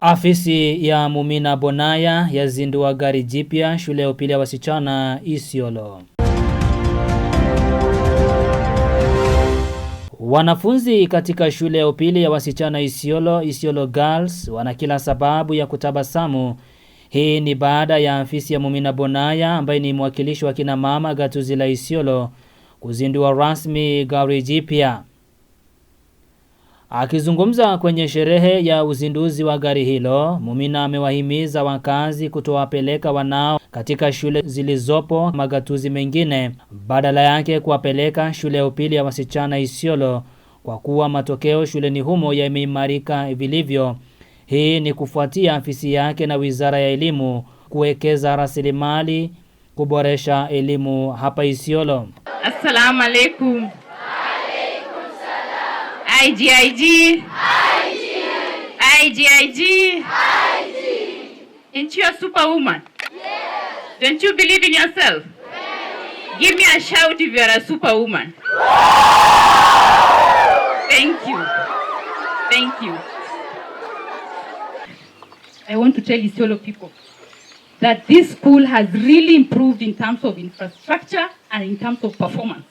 Afisi ya Mumina Bonaya yazindua gari jipya shule ya upili ya wasichana Isiolo. Wanafunzi katika shule ya upili ya wasichana Isiolo, Isiolo Girls wana kila sababu ya kutabasamu. Hii ni baada ya afisi ya Mumina Bonaya ambaye ni mwakilishi wa kina mama gatuzi la Isiolo kuzindua rasmi gari jipya. Akizungumza kwenye sherehe ya uzinduzi wa gari hilo, Mumina amewahimiza wakazi kutowapeleka wanao katika shule zilizopo magatuzi mengine, badala yake kuwapeleka shule ya upili ya wasichana Isiolo, kwa kuwa matokeo shuleni humo yameimarika vilivyo. Hii ni kufuatia afisi yake na Wizara ya Elimu kuwekeza rasilimali kuboresha elimu hapa Isiolo. Assalamu alaikum. IGIG, IGIG, Ain't you a superwoman? Yes. Don't you believe in yourself? Yes. Give me a shout if you are a superwoman. Thank you. Thank you. I want to tell solo people that this school has really improved in terms of infrastructure and in terms of performance.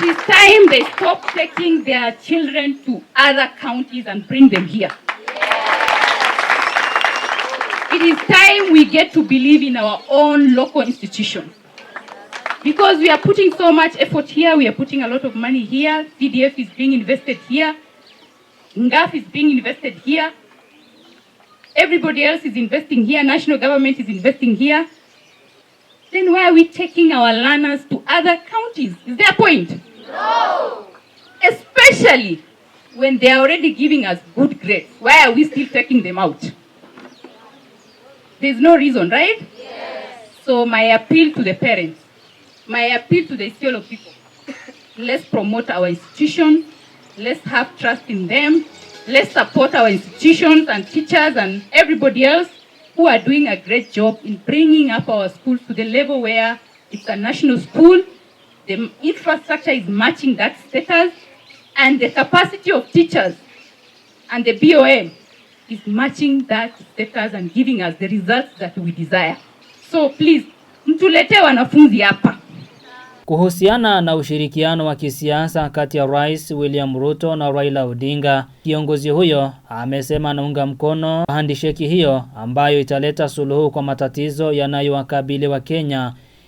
It is time they stop taking their children to other counties and bring them here. It is time we get to believe in our own local institution. Because we are putting so much effort here, we are putting a lot of money here, CDF is being invested here, NGAF is being invested here, everybody else is investing here, national government is investing here. Then why are we taking our learners to other counties? Is there a point? No. Especially when they are already giving us good grades. Why are we still taking them out? There's no reason, right? Yes. So my appeal to the parents, my appeal to the Isiolo people, let's promote our institution, let's have trust in them, let's support our institutions and teachers and everybody else who are doing a great job in bringing up our schools to the level where it's a national school the infrastructure is matching that status and the capacity of teachers and the BOM is matching that status and giving us the results that we desire. So please mtuletee wanafunzi hapa. Kuhusiana na ushirikiano wa kisiasa kati ya Rais William Ruto na Raila Odinga, kiongozi huyo amesema anaunga mkono handisheki hiyo ambayo italeta suluhu kwa matatizo yanayowakabili wa Kenya.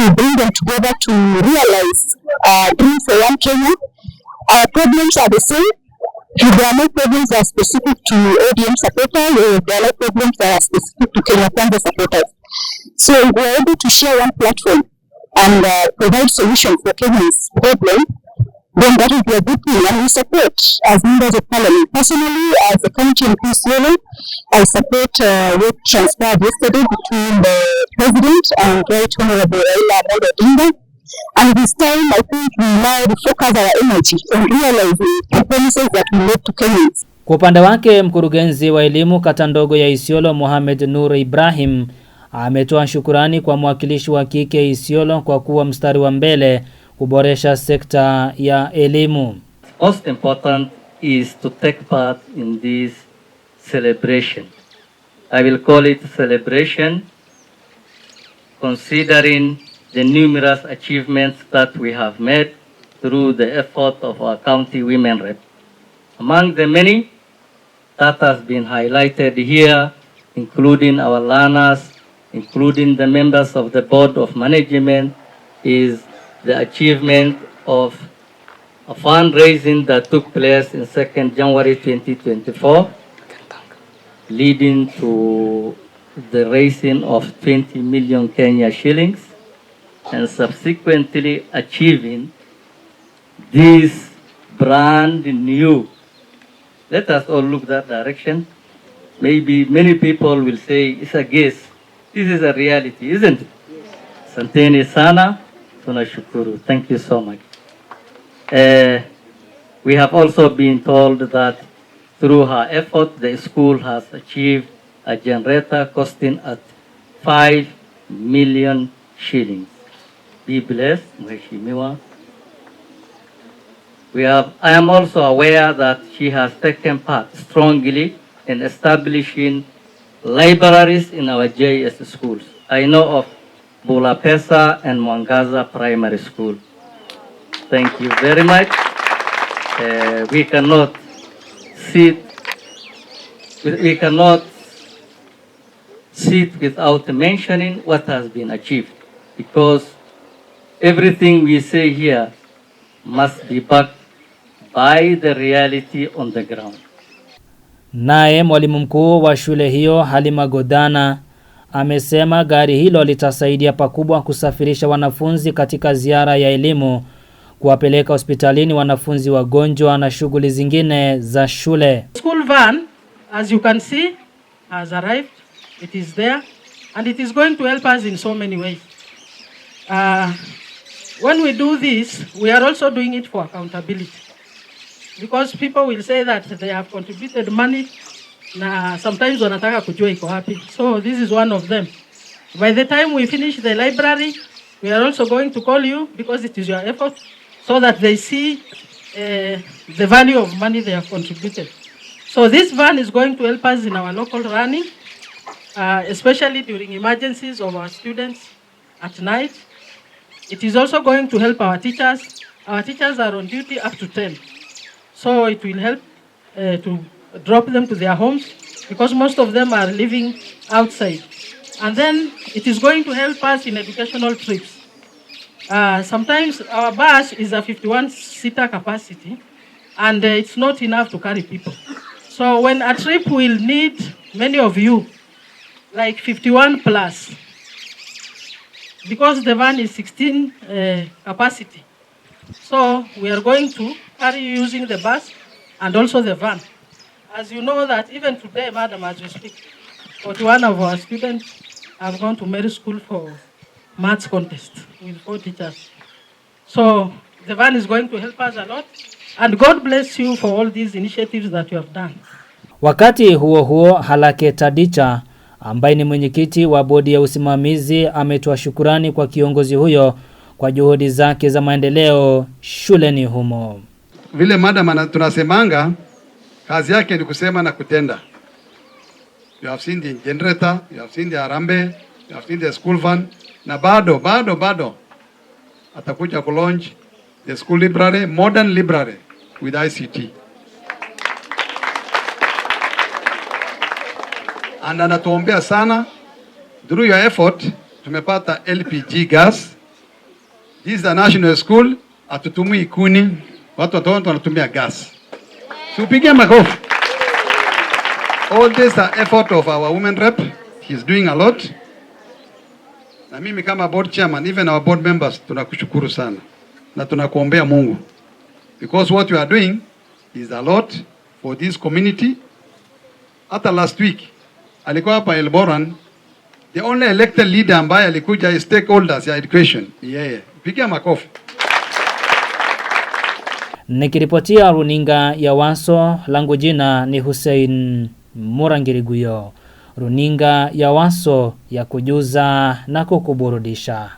to bring them together to realize uh, dream for one Kenya. Our problems are the same. There are no problems that are specific to ODM supporters, or uh, there are no problems that are specific to Kenya Kwanza supporters. So we're able to share one platform and uh, provide solutions for Kenya's problem then that will be a good thing. And we support, as members of parliament, personally, as a county MP Swollen, I support uh, what transpired yesterday between the president and Right Honorable Raila Amolo Odinga. And this time, I think we now focus our energy on realizing the promises that we made to Kenyans. Kwa upande wake, mkurugenzi wa elimu kata ndogo ya Isiolo Mohamed Nur Ibrahim ametoa shukurani kwa mwakilishi wa kike Isiolo kwa kuwa mstari wa mbele kuboresha sekta ya elimu. Most important is to take part in this celebration. I will call it celebration considering the numerous achievements that we have made through the effort of our county women rep. Among the many that has been highlighted here, including our learners, including the members of the Board of Management, is the achievement of a fundraising that took place in 2nd January 2024, leading to the raising of 20 million Kenya shillings and subsequently achieving this brand new. Let us all look that direction. Maybe many people will say it's a guess. This is a reality, isn't it? Yes. Santeni sana. Tunashukuru. Thank you so much. Uh, we have also been told that through her effort, the school has achieved a generator costing at 5 million shillings. Be blessed, Mheshimiwa. We have, I am also aware that she has taken part strongly in establishing libraries in our JS schools. I know of Bulapesa and Mwangaza Primary School. Thank you very much. Uh, we cannot sit we cannot sit without mentioning what has been achieved because everything we say here must be backed by the reality on the ground. Naye mwalimu mkuu wa shule hiyo Halima Godana amesema gari hilo litasaidia pakubwa kusafirisha wanafunzi katika ziara ya elimu, kuwapeleka hospitalini wanafunzi wagonjwa na shughuli zingine za shule. School van as you can see has arrived. It is there and it is going to help us in so many ways. Uh, when we do this, we are also doing it for accountability because people will say that they have contributed money na sometimes wanataka kujua iko wapi, so this is one of them. By the time we finish the library, we are also going to call you because it is your effort, so that they see uh, the value of money they have contributed. So this van is going to help us in our local running, uh, especially during emergencies of our students at night. It is also going to help our teachers. Our teachers are on duty up to 10. So it will help uh, to drop them to their homes because most of them are living outside. And then it is going to help us in educational trips. Uh, sometimes our bus is a 51 seater capacity and uh, it's not enough to carry people. So when a trip will need many of you, like 51 plus, because the van is 16 uh, capacity. So we are going to carry using the bus and also the van. As you know that even today, madam, as you speak, for one of our students have gone to Mary School for maths contest with four teachers. So the van is going to help us a lot. And God bless you for all these initiatives that you have done. Wakati huo huo, Halake Tadicha ambaye ni mwenyekiti wa bodi ya usimamizi ametoa shukurani kwa kiongozi huyo kwa juhudi zake za maendeleo shuleni humo. Vile madam tunasemanga Kazi yake ni kusema na kutenda. You have seen the generator, you have seen the arambe, you have seen the school van na bado bado bado atakuja ku launch the school library, modern library with ICT. And anatuombea sana through your effort tumepata LPG gas. This is a national school, atutumui kuni, watu watoto wanatumia gas. Tupigie makofi. All this are effort of our women rep. He's doing a lot. Na mimi kama board chairman, even our board members tunakushukuru sana na tunakuombea Mungu because what you are doing is a lot for this community. Hata last week alikuwa hapa Elboran, the only elected leader ambaye alikuja stakeholders ya education. Yeye, pigia makofi. Nikiripotia runinga ya Waso, langu jina ni Hussein Murangiriguyo. Runinga ya Waso ya kujuza na kukuburudisha.